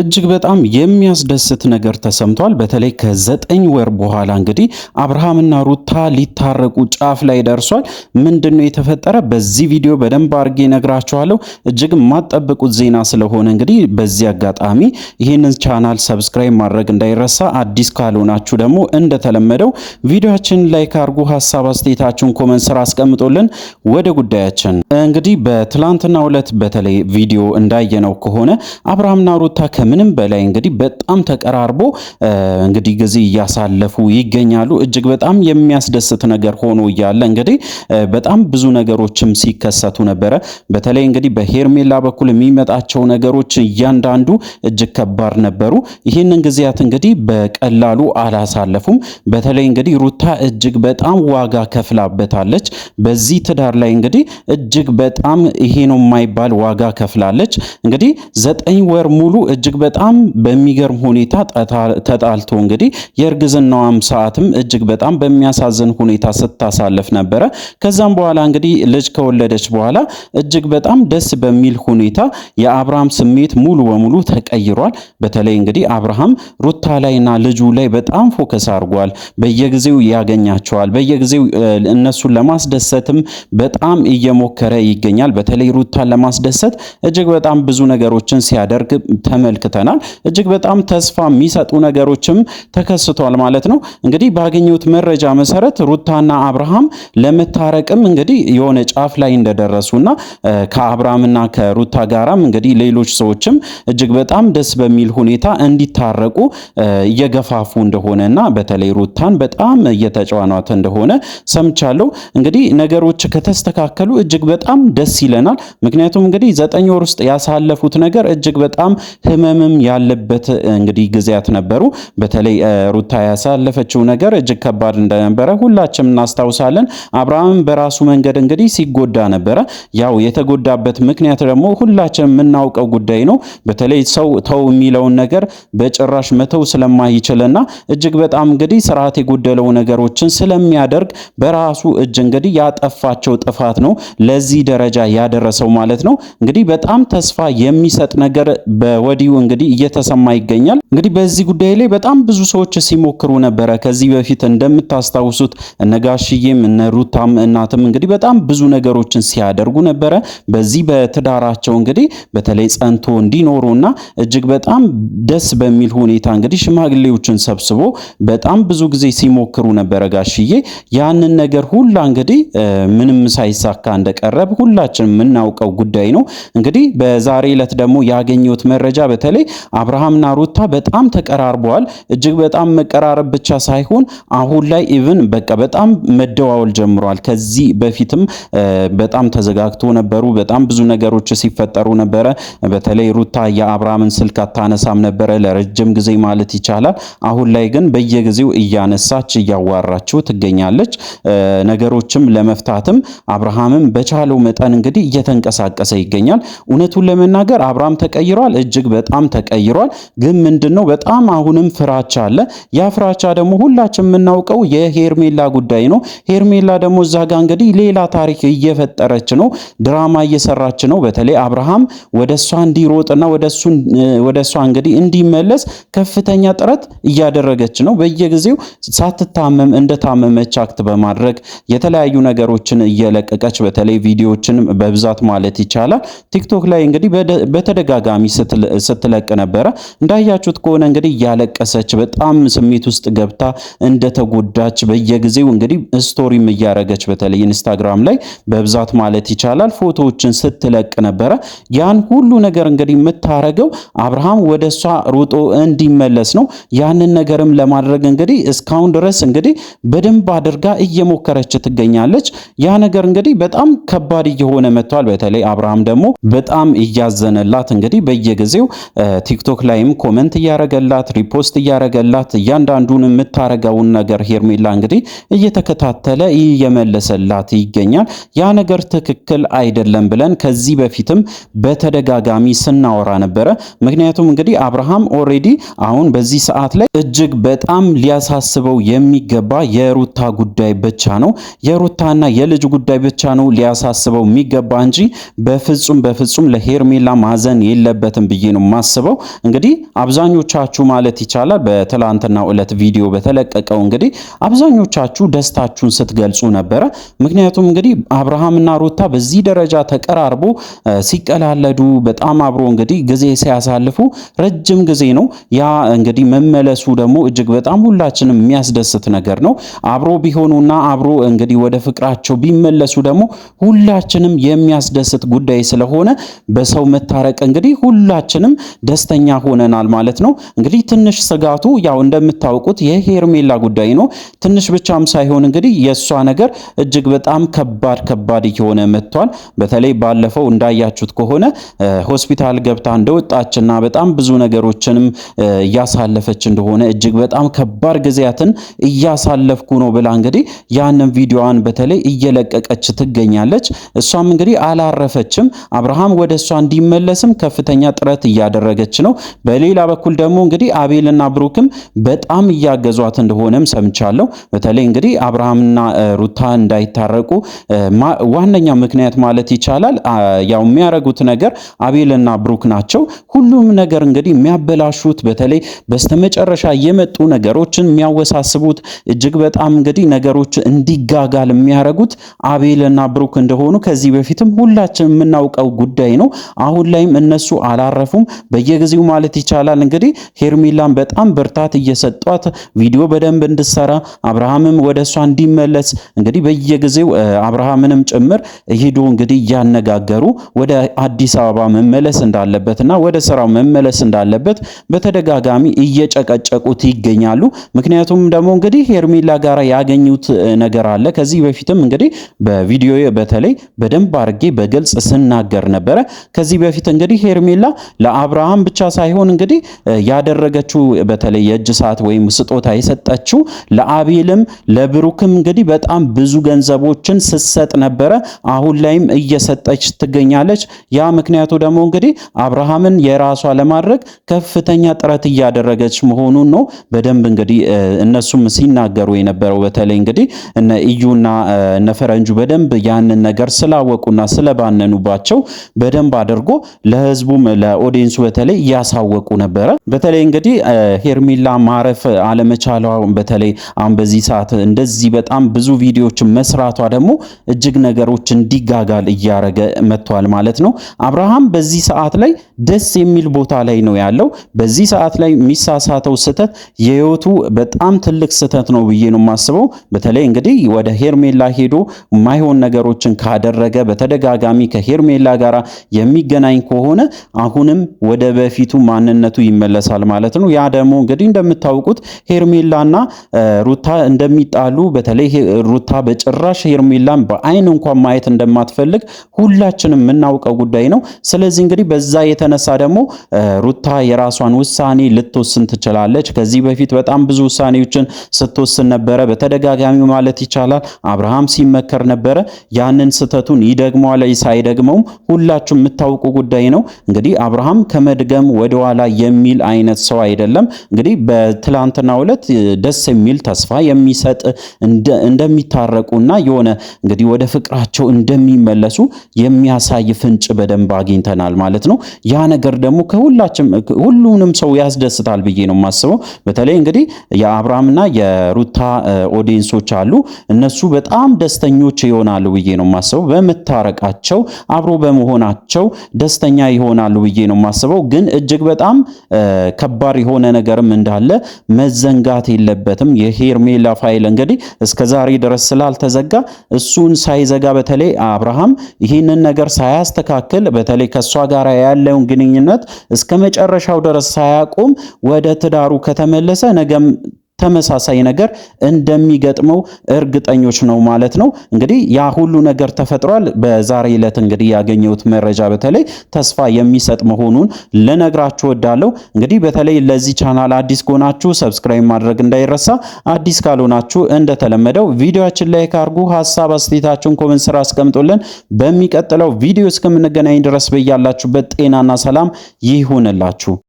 እጅግ በጣም የሚያስደስት ነገር ተሰምቷል። በተለይ ከዘጠኝ ወር በኋላ እንግዲህ አብርሃምና ሩታ ሊታረቁ ጫፍ ላይ ደርሷል። ምንድን ነው የተፈጠረ? በዚህ ቪዲዮ በደንብ አድርጌ ነግራችኋለሁ። እጅግ የማትጠብቁት ዜና ስለሆነ እንግዲህ በዚህ አጋጣሚ ይህንን ቻናል ሰብስክራይብ ማድረግ እንዳይረሳ፣ አዲስ ካልሆናችሁ ደግሞ እንደተለመደው ቪዲዮችን ላይክ አድርጉ፣ ሀሳብ አስተያየታችሁን ኮመንት ስራ አስቀምጦልን። ወደ ጉዳያችን እንግዲህ በትላንትና ዕለት በተለይ ቪዲዮ እንዳየነው ከሆነ አብርሃምና ሩታ ከምንም በላይ እንግዲህ በጣም ተቀራርቦ እንግዲህ ጊዜ እያሳለፉ ይገኛሉ። እጅግ በጣም የሚያስደስት ነገር ሆኖ እያለ እንግዲህ በጣም ብዙ ነገሮችም ሲከሰቱ ነበረ። በተለይ እንግዲህ በሄርሜላ በኩል የሚመጣቸው ነገሮች እያንዳንዱ እጅግ ከባድ ነበሩ። ይህንን ጊዜያት እንግዲህ በቀላሉ አላሳለፉም። በተለይ እንግዲህ ሩታ እጅግ በጣም ዋጋ ከፍላበታለች። በዚህ ትዳር ላይ እንግዲህ እጅግ በጣም ይሄ ነው የማይባል ዋጋ ከፍላለች። እንግዲህ ዘጠኝ ወር ሙሉ እጅግ እጅግ በጣም በሚገርም ሁኔታ ተጣልቶ እንግዲህ የእርግዝናዋም ሰዓትም እጅግ በጣም በሚያሳዝን ሁኔታ ስታሳልፍ ነበረ። ከዛም በኋላ እንግዲህ ልጅ ከወለደች በኋላ እጅግ በጣም ደስ በሚል ሁኔታ የአብርሃም ስሜት ሙሉ በሙሉ ተቀይሯል። በተለይ እንግዲህ አብርሃም ሩታ ላይና ልጁ ላይ በጣም ፎከስ አድርጓል። በየጊዜው ያገኛቸዋል። በየጊዜው እነሱን ለማስደሰትም በጣም እየሞከረ ይገኛል። በተለይ ሩታን ለማስደሰት እጅግ በጣም ብዙ ነገሮችን ሲያደርግ ተመልክ ተመልክተናል። እጅግ በጣም ተስፋ የሚሰጡ ነገሮችም ተከስቷል ማለት ነው። እንግዲህ ባገኘሁት መረጃ መሰረት ሩታና አብርሃም ለመታረቅም እንግዲህ የሆነ ጫፍ ላይ እንደደረሱና ከአብርሃምና ከሩታ ጋራም እንግዲህ ሌሎች ሰዎችም እጅግ በጣም ደስ በሚል ሁኔታ እንዲታረቁ እየገፋፉ እንደሆነና በተለይ ሩታን በጣም እየተጫዋኗት እንደሆነ ሰምቻለሁ። እንግዲህ ነገሮች ከተስተካከሉ እጅግ በጣም ደስ ይለናል። ምክንያቱም እንግዲህ ዘጠኝ ወር ውስጥ ያሳለፉት ነገር እጅግ በጣም ህመ ህመምም ያለበት እንግዲህ ጊዜያት ነበሩ። በተለይ ሩታ ያሳለፈችው ነገር እጅግ ከባድ እንደነበረ ሁላችንም እናስታውሳለን። አብርሃም በራሱ መንገድ እንግዲህ ሲጎዳ ነበረ። ያው የተጎዳበት ምክንያት ደግሞ ሁላችንም የምናውቀው ጉዳይ ነው። በተለይ ሰው ተው የሚለውን ነገር በጭራሽ መተው ስለማይችልና እጅግ በጣም እንግዲህ ስርዓት የጎደለው ነገሮችን ስለሚያደርግ በራሱ እጅ እንግዲህ ያጠፋቸው ጥፋት ነው ለዚህ ደረጃ ያደረሰው ማለት ነው። እንግዲህ በጣም ተስፋ የሚሰጥ ነገር በወዲሁ እንግዲህ እየተሰማ ይገኛል። እንግዲህ በዚህ ጉዳይ ላይ በጣም ብዙ ሰዎች ሲሞክሩ ነበረ። ከዚህ በፊት እንደምታስታውሱት እነ ጋሽዬም እነ ሩታም እናትም እንግዲህ በጣም ብዙ ነገሮችን ሲያደርጉ ነበረ። በዚህ በትዳራቸው እንግዲህ በተለይ ጸንቶ እንዲኖሩና እጅግ በጣም ደስ በሚል ሁኔታ እንግዲህ ሽማግሌዎችን ሰብስቦ በጣም ብዙ ጊዜ ሲሞክሩ ነበረ ጋሽዬ። ያንን ነገር ሁላ እንግዲህ ምንም ሳይሳካ እንደቀረብ ሁላችን የምናውቀው ጉዳይ ነው። እንግዲህ በዛሬ ዕለት ደግሞ ያገኘሁት መረጃ በተለይ በተለይ አብርሃምና ሩታ በጣም ተቀራርበዋል። እጅግ በጣም መቀራረብ ብቻ ሳይሆን አሁን ላይ ኢቭን በቃ በጣም መደዋወል ጀምሯል ከዚህ በፊትም በጣም ተዘጋግቶ ነበሩ። በጣም ብዙ ነገሮች ሲፈጠሩ ነበረ። በተለይ ሩታ የአብርሃምን ስልክ አታነሳም ነበረ ለረጅም ጊዜ ማለት ይቻላል። አሁን ላይ ግን በየጊዜው እያነሳች እያዋራችው ትገኛለች። ነገሮችም ለመፍታትም አብርሃምም በቻለው መጠን እንግዲህ እየተንቀሳቀሰ ይገኛል። እውነቱን ለመናገር አብርሃም ተቀይሯል እጅግ በጣም በጣም ተቀይሯል። ግን ምንድነው በጣም አሁንም ፍራቻ አለ። ያ ፍራቻ ደግሞ ሁላችን የምናውቀው የሄርሜላ ጉዳይ ነው። ሄርሜላ ደግሞ እዛ ጋር እንግዲህ ሌላ ታሪክ እየፈጠረች ነው፣ ድራማ እየሰራች ነው። በተለይ አብርሃም ወደ እሷ እንዲሮጥና ወደ እሷ እንግዲህ እንዲመለስ ከፍተኛ ጥረት እያደረገች ነው። በየጊዜው ሳትታመም እንደታመመች አክት በማድረግ የተለያዩ ነገሮችን እየለቀቀች በተለይ ቪዲዮዎችን በብዛት ማለት ይቻላል ቲክቶክ ላይ እንግዲህ በተደጋጋሚ ስት ስትለቅ ነበረ። እንዳያችሁት ከሆነ እንግዲህ እያለቀሰች በጣም ስሜት ውስጥ ገብታ እንደተጎዳች በየጊዜው እንግዲህ ስቶሪም እያረገች በተለይ ኢንስታግራም ላይ በብዛት ማለት ይቻላል ፎቶዎችን ስትለቅ ነበረ። ያን ሁሉ ነገር እንግዲህ የምታረገው አብርሃም ወደ እሷ ሩጦ እንዲመለስ ነው። ያንን ነገርም ለማድረግ እንግዲህ እስካሁን ድረስ እንግዲህ በደንብ አድርጋ እየሞከረች ትገኛለች። ያ ነገር እንግዲህ በጣም ከባድ እየሆነ መጥቷል። በተለይ አብርሃም ደግሞ በጣም እያዘነላት እንግዲህ በየጊዜው ቲክቶክ ላይም ኮመንት እያረገላት ሪፖስት እያረገላት እያንዳንዱን የምታረገውን ነገር ሄርሜላ እንግዲህ እየተከታተለ እየመለሰላት ይገኛል። ያ ነገር ትክክል አይደለም ብለን ከዚህ በፊትም በተደጋጋሚ ስናወራ ነበረ። ምክንያቱም እንግዲህ አብርሃም ኦሬዲ አሁን በዚህ ሰዓት ላይ እጅግ በጣም ሊያሳስበው የሚገባ የሩታ ጉዳይ ብቻ ነው። የሩታና የልጅ ጉዳይ ብቻ ነው ሊያሳስበው የሚገባ እንጂ በፍጹም በፍጹም ለሄርሜላ ማዘን የለበትም ብዬ ነው የማስበው። እንግዲህ አብዛኞቻችሁ ማለት ይቻላል በትላንትናው ዕለት ቪዲዮ በተለቀቀው እንግዲህ አብዛኞቻችሁ ደስታችሁን ስትገልጹ ነበረ። ምክንያቱም እንግዲህ አብርሃምና ሩታ በዚህ ደረጃ ተቀራርቦ ሲቀላለዱ በጣም አብሮ እንግዲህ ጊዜ ሲያሳልፉ ረጅም ጊዜ ነው። ያ እንግዲህ መመለሱ ደግሞ እጅግ በጣም ሁላችንም የሚያስደስት ነገር ነው። አብሮ ቢሆኑና አብሮ እንግዲህ ወደ ፍቅራቸው ቢመለሱ ደግሞ ሁላችንም የሚያስደስት ጉዳይ ስለሆነ በሰው መታረቅ እንግዲህ ሁላችንም ደስተኛ ሆነናል ማለት ነው። እንግዲህ ትንሽ ስጋቱ ያው እንደምታውቁት የሄርሜላ ጉዳይ ነው። ትንሽ ብቻም ሳይሆን እንግዲህ የእሷ ነገር እጅግ በጣም ከባድ ከባድ እየሆነ መጥቷል። በተለይ ባለፈው እንዳያችሁት ከሆነ ሆስፒታል ገብታ እንደወጣችና በጣም ብዙ ነገሮችንም እያሳለፈች እንደሆነ እጅግ በጣም ከባድ ጊዜያትን እያሳለፍኩ ነው ብላ እንግዲህ ያንን ቪዲዮዋን በተለይ እየለቀቀች ትገኛለች። እሷም እንግዲህ አላረፈችም። አብርሃም ወደ እሷ እንዲመለስም ከፍተኛ ጥረት እያደረ እያደረገች ነው። በሌላ በኩል ደግሞ እንግዲህ አቤልና ብሩክም በጣም እያገዟት እንደሆነም ሰምቻለሁ። በተለይ እንግዲህ አብርሃምና ሩታ እንዳይታረቁ ዋነኛ ምክንያት ማለት ይቻላል ያው የሚያረጉት ነገር አቤልና ብሩክ ናቸው። ሁሉም ነገር እንግዲህ የሚያበላሹት በተለይ በስተመጨረሻ የመጡ ነገሮችን የሚያወሳስቡት እጅግ በጣም እንግዲህ ነገሮች እንዲጋጋል የሚያረጉት አቤልና ብሩክ እንደሆኑ ከዚህ በፊትም ሁላችን የምናውቀው ጉዳይ ነው። አሁን ላይም እነሱ አላረፉም። በየጊዜው ማለት ይቻላል እንግዲህ ሄርሜላን በጣም ብርታት እየሰጧት ቪዲዮ በደንብ እንድሰራ አብርሃምም ወደ እሷ እንዲመለስ እንግዲህ በየጊዜው አብርሃምንም ጭምር ሂዶ እንግዲህ እያነጋገሩ ወደ አዲስ አበባ መመለስ እንዳለበትና ወደ ስራው መመለስ እንዳለበት በተደጋጋሚ እየጨቀጨቁት ይገኛሉ። ምክንያቱም ደግሞ እንግዲህ ሄርሜላ ጋር ያገኙት ነገር አለ። ከዚህ በፊትም እንግዲህ በቪዲዮ በተለይ በደንብ አድርጌ በግልጽ ስናገር ነበረ። ከዚህ በፊት እንግዲህ ሄርሜላ ለአብራ አብርሃም ብቻ ሳይሆን እንግዲህ ያደረገችው በተለይ የእጅ ሰዓት ወይም ስጦታ የሰጠችው ለአቤልም ለብሩክም እንግዲህ በጣም ብዙ ገንዘቦችን ስትሰጥ ነበረ። አሁን ላይም እየሰጠች ትገኛለች። ያ ምክንያቱ ደግሞ እንግዲህ አብርሃምን የራሷ ለማድረግ ከፍተኛ ጥረት እያደረገች መሆኑን ነው። በደንብ እንግዲህ እነሱም ሲናገሩ የነበረው በተለይ እንግዲህ እነ እዩና እነ ፈረንጁ በደንብ ያንን ነገር ስላወቁና ስለባነኑባቸው በደንብ አድርጎ ለህዝቡም ለኦዲንሱ በተለይ እያሳወቁ ነበረ። በተለይ እንግዲህ ሄርሜላ ማረፍ አለመቻሏ በተለይ አሁን በዚህ ሰዓት እንደዚህ በጣም ብዙ ቪዲዮዎችን መስራቷ ደግሞ እጅግ ነገሮች እንዲጋጋል እያረገ መጥቷል ማለት ነው። አብርሃም በዚህ ሰዓት ላይ ደስ የሚል ቦታ ላይ ነው ያለው። በዚህ ሰዓት ላይ የሚሳሳተው ስህተት የህይወቱ በጣም ትልቅ ስህተት ነው ብዬ ነው የማስበው። በተለይ እንግዲህ ወደ ሄርሜላ ሄዶ ማይሆን ነገሮችን ካደረገ በተደጋጋሚ ከሄርሜላ ጋር የሚገናኝ ከሆነ አሁንም ወደ ወደ በፊቱ ማንነቱ ይመለሳል ማለት ነው። ያ ደግሞ እንግዲህ እንደምታውቁት ሄርሜላና ሩታ እንደሚጣሉ በተለይ ሩታ በጭራሽ ሄርሜላን በአይን እንኳን ማየት እንደማትፈልግ ሁላችንም የምናውቀው ጉዳይ ነው። ስለዚህ እንግዲህ በዛ የተነሳ ደግሞ ሩታ የራሷን ውሳኔ ልትወስን ትችላለች። ከዚህ በፊት በጣም ብዙ ውሳኔዎችን ስትወስን ነበረ፣ በተደጋጋሚ ማለት ይቻላል። አብርሃም ሲመከር ነበረ። ያንን ስህተቱን ይደግመዋል ሳይደግመውም ሁላችሁም የምታውቁ ጉዳይ ነው። እንግዲህ አብርሃም ከመድገም ወደኋላ የሚል አይነት ሰው አይደለም። እንግዲህ በትላንትና ዕለት ደስ የሚል ተስፋ የሚሰጥ እንደሚታረቁና የሆነ እንግዲህ ወደ ፍቅራቸው እንደሚመለሱ የሚያሳይ ፍንጭ በደንብ አግኝተናል ማለት ነው። ያ ነገር ደግሞ ከሁላችም ሁሉንም ሰው ያስደስታል ብዬ ነው የማስበው። በተለይ እንግዲህ የአብርሃምና የሩታ ኦዲየንሶች አሉ። እነሱ በጣም ደስተኞች ይሆናሉ ብዬ ነው የማስበው። በመታረቃቸው አብሮ በመሆናቸው ደስተኛ ይሆናሉ ብዬ ነው የማስበው። የምናስበው ግን እጅግ በጣም ከባድ የሆነ ነገርም እንዳለ መዘንጋት የለበትም። የሄርሜላ ፋይል እንግዲህ እስከ ዛሬ ድረስ ስላልተዘጋ እሱን ሳይዘጋ በተለይ አብርሃም ይህንን ነገር ሳያስተካክል በተለይ ከእሷ ጋር ያለውን ግንኙነት እስከ መጨረሻው ድረስ ሳያቁም ወደ ትዳሩ ከተመለሰ ነገም ተመሳሳይ ነገር እንደሚገጥመው እርግጠኞች ነው ማለት ነው። እንግዲህ ያ ሁሉ ነገር ተፈጥሯል። በዛሬ ዕለት እንግዲህ ያገኘሁት መረጃ በተለይ ተስፋ የሚሰጥ መሆኑን ልነግራችሁ ወዳለሁ። እንግዲህ በተለይ ለዚህ ቻናል አዲስ ከሆናችሁ ሰብስክራይብ ማድረግ እንዳይረሳ፣ አዲስ ካልሆናችሁ እንደተለመደው ቪዲዮችን ላይ ካርጉ ሀሳብ አስተያየታችሁን ኮሜንት ስራ አስቀምጦልን። በሚቀጥለው ቪዲዮ እስከምንገናኝ ድረስ በያላችሁበት ጤናና ሰላም ይሁንላችሁ።